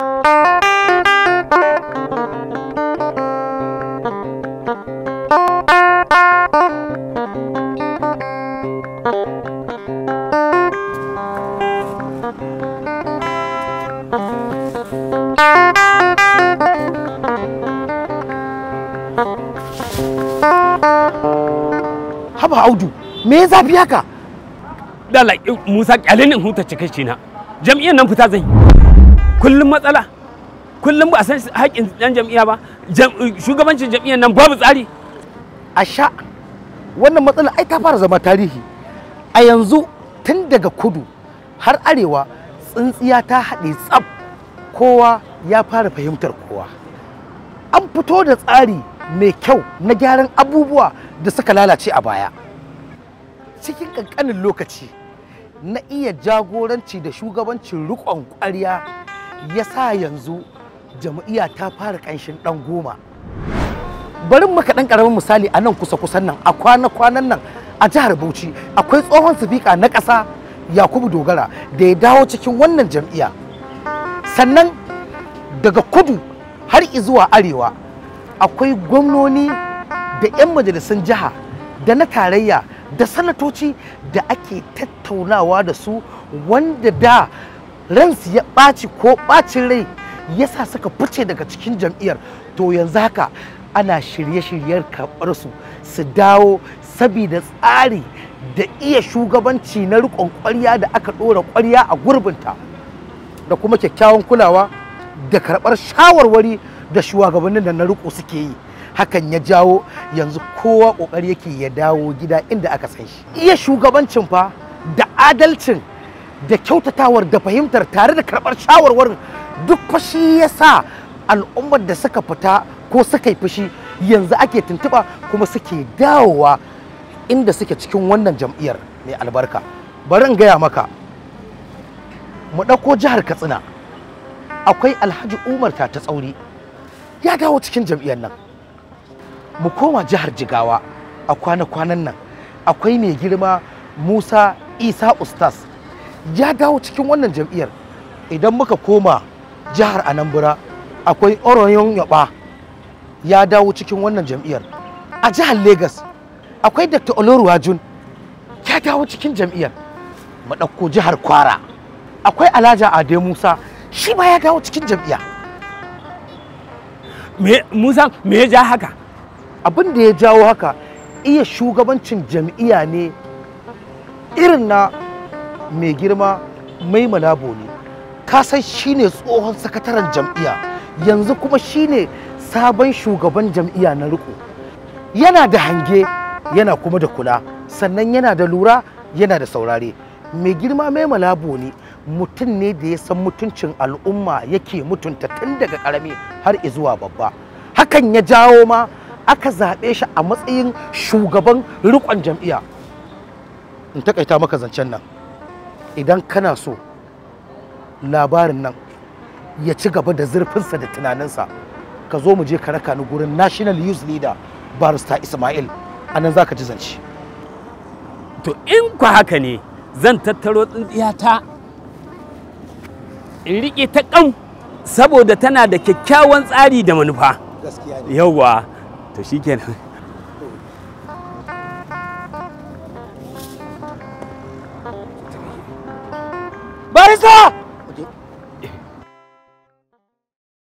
Haba Audu, me ya zafi haka? Dala Musa ƙyalin ne huta cikakke na. Jam'iyyar nan fita zan yi. kullum matsala kullum ba a san haƙƙin ɗan jam'iyya ba shugabancin jam'iyyar nan babu tsari a sha wannan matsala ai ta fara zama tarihi a yanzu tun daga kudu har arewa tsintsiya ta haɗe tsab kowa ya fara fahimtar kowa an fito da tsari mai kyau na gyaran abubuwa da suka lalace a baya cikin ƙanƙanin lokaci na iya jagoranci da shugabancin riƙon ƙwarya ya sa yanzu jam'iyya ta fara ƙanshin ɗan goma Barin maka ɗan ƙaramin misali a nan kusa-kusan nan a kwana-kwanan nan a jihar bauchi akwai tsohon sifika na ƙasa yakubu dogara da ya dawo cikin wannan jam'iyya sannan daga kudu har zuwa arewa akwai gwamnoni da 'yan majalisun jiha da na tarayya da sanatoci da ake tattaunawa da su wanda da ransu ya ɓaci ko ɓacin rai yasa suka fice daga cikin jam'iyyar to yanzu haka ana shirye-shiryen karɓar su su dawo saboda tsari da iya shugabanci na riƙon ƙwarya da aka ɗora ƙwarya a gurbinta da kuma kyakkyawan kulawa da karɓar shawarwari da shugabannin da na riƙo suke yi hakan ya jawo yanzu kowa ƙoƙari yake ya dawo gida inda aka san shi iya shugabancin fa da adalcin da kyautatawar da fahimtar tare da karɓar shawarwarin duk fashi ya sa al'ummar da suka fita ko suka yi fushi yanzu ake tuntuɓa kuma suke dawowa inda suke cikin wannan jam'iyyar mai albarka bari in gaya maka mu ɗauko jihar katsina akwai alhaji umar ta ta tsauri ya dawo cikin jam'iyyar nan mu koma jihar jigawa a kwana-kwanan nan akwai mai girma musa isa ustas ya dawo cikin wannan jam'iyyar idan muka koma jihar anambra akwai oroyon yaba ya dawo cikin wannan jam'iyyar a jihar lagos akwai dr jun ya dawo cikin jam'iyyar mu jihar kwara akwai alhaji ade musa shi ma ya dawo cikin jam'iyya musa me ya ja haka abin da ya jawo haka iya shugabancin jam'iyya ne irin na mai girma mai malabo ne ka san shine tsohon sakataren jam'iyya yanzu kuma shine sabon shugaban jam'iyya na riko yana da hange yana kuma da kula sannan yana da lura yana da saurare mai girma mai malabo ne mutum ne da ya san mutuncin al'umma yake mutunta tun daga ƙarami har izuwa babba hakan ya jawo ma aka zaɓe shi a matsayin shugaban riƙon jam'iyya in takaita maka zancen nan idan kana so labarin nan ya ci gaba da zurfinsa da tunaninsa ka zo mu je ka raka ni gurin national youth leader barista ismail a nan za ka ji zance to in ku haka ne zan tattaro ta in riƙe ta ƙan saboda tana da kyakkyawan tsari da manufa yauwa to shikenan Barista!